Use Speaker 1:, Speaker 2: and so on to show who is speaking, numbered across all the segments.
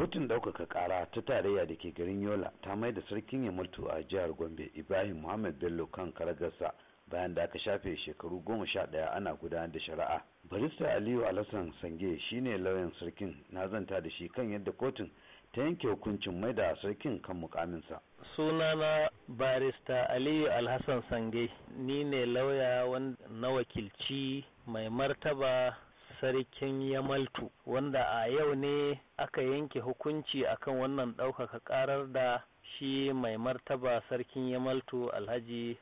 Speaker 1: kotun ɗaukaka ƙara ta tarayya da ke garin yola ta mai da sarkin ya mutu a jihar gombe ibrahim muhammad bello kan karagarsa bayan da aka shafe shekaru goma sha ɗaya ana gudanar da shari'a barista aliyu alhassan sange shine lauyan sarkin na zanta da shi kan yadda kotun ta yanke hukuncin mai da sarkin kan mukaminsa
Speaker 2: sunana barista aliyu alhassan sange ni ne lauya na wakilci mai martaba sarkin Yamaltu wanda a yau ne aka yanke hukunci akan wannan ɗaukaka ƙarar da shi mai martaba sarkin Yamaltu Alhaji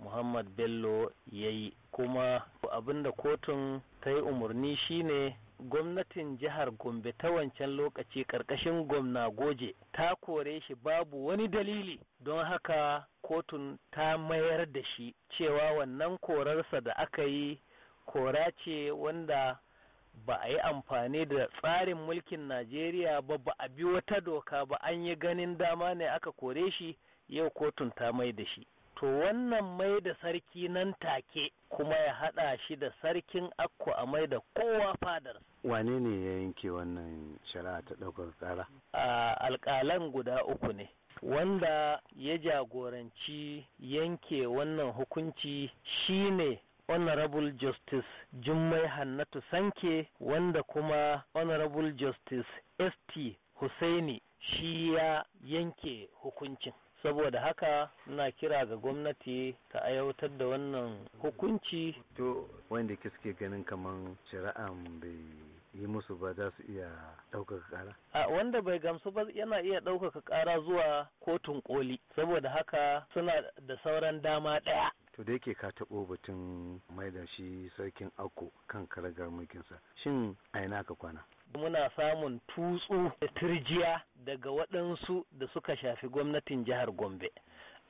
Speaker 2: Muhammad Bello ya yi kuma abinda kotun ta yi umarni shine gwamnatin jihar Gombe ta wancan lokaci ƙarƙashin gwamna goje ta kore shi babu wani dalili don haka kotun ta mayar da shi cewa wannan korarsa da aka yi kora ce wanda ba a yi amfani da tsarin mulkin Najeriya ba ba a bi wata doka ba an yi ganin dama ne aka kore shi yau kotun ta mai da shi. To wannan mai da sarki nan take kuma ya haɗa shi da sarkin akko a mai da kowa fadar.
Speaker 1: Wane ne ya yanke wannan shari'a ta ɗaukar
Speaker 2: tsara? A alƙalan guda uku ne. Wanda ya jagoranci yanke wannan hukunci shine honorable justice jummai hannatu sanke wanda kuma honorable justice st husaini shi ya yanke hukuncin saboda haka na kira ga gwamnati ta ayyautar da wannan
Speaker 1: hukunci to wanda suke ganin kaman shari'an bai yi musu ba za su iya ɗaukaka ƙara?
Speaker 2: A wanda bai gamsu ba yana iya ɗaukaka ƙara zuwa
Speaker 1: kotun koli saboda
Speaker 2: haka suna da sauran dama ɗaya
Speaker 1: to da yake ka taɓo batun mai da shi sarkin ako kan karagar mulkinsa shin a yana ka kwana
Speaker 2: muna samun tutsu da turjiya daga waɗansu da suka shafi gwamnatin jihar gombe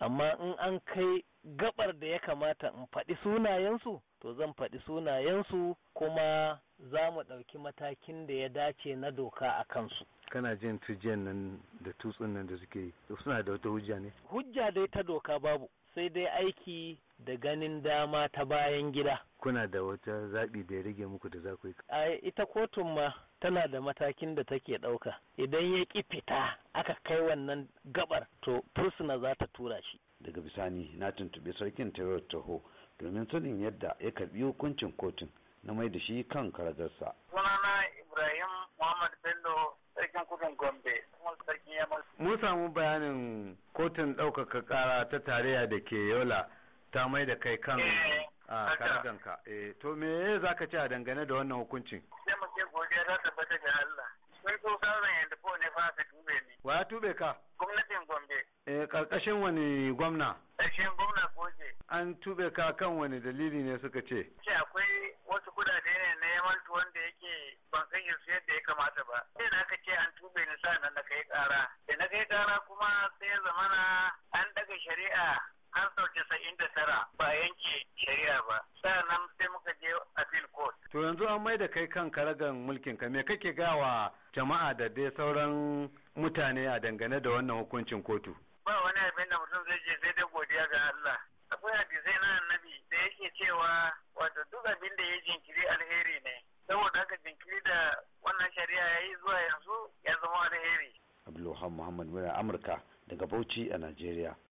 Speaker 2: amma in an kai gabar da ya kamata in faɗi sunayensu to zan faɗi sunayensu kuma za mu ɗauki matakin da ya dace na doka a kansu
Speaker 1: kana jin tujiyan nan da tutsun nan da suke suna da wata hujja ne
Speaker 2: hujja dai ta doka babu sai dai aiki da ganin dama ta bayan gida.
Speaker 1: Kuna da wata zaɓi da ya rage muku da za ku yi?
Speaker 2: A ita kotun ma tana da matakin da take ɗauka. Idan ya ƙi fita aka kai wannan gabar to fursuna za ta tura shi.
Speaker 1: Daga bisani na tuntuɓi sarkin Taiwo Taho domin sanin yadda ya karɓi hukuncin kotun na mai da shi kan karagarsa.
Speaker 3: Sunana Ibrahim Muhammad Bello sarkin kudin Gombe.
Speaker 1: Mun samu bayanin kotun ɗaukaka ƙara ta tarayya da ke Yola ta mai da kai kan eh,
Speaker 3: ah, a karaganka
Speaker 1: eh to me za ka ce a dangane da wannan hukuncin
Speaker 3: sai muke ce godiya ta tabbata ga Allah sun so zan yanda ko ne fa tube ni
Speaker 1: wa ya tube ka
Speaker 3: gwamnatin Gombe
Speaker 1: eh karkashin wani gwamna
Speaker 3: karkashin gwamna Goje
Speaker 1: an tube ka kan wani dalili ne suka ce
Speaker 3: ce akwai wasu kudade ne na yamaltu wanda yake ban san su yadda ya kamata ba sai da aka ce an tube ni sa nan na kai kara da na kai kara kuma sai ya zamana an daga shari'a an sauke casa'in da tara ba yanke shari'a ba nan sai muka je appeal kot.
Speaker 1: to yanzu an mai da kai kan karagan mulkin ka me kake gawa jama'a da dai sauran mutane a dangane da wannan hukuncin kotu.
Speaker 3: ba wani abin da mutum zai je sai dai godiya ga Allah akwai hadisai na annabi da yake cewa wato duk abin da ya jinkiri alheri ne saboda haka jinkiri da wannan shari'a ya yi zuwa yanzu ya zama alheri.
Speaker 1: Abdulluhan Muhammad Mura Amurka daga Bauchi a Najeriya.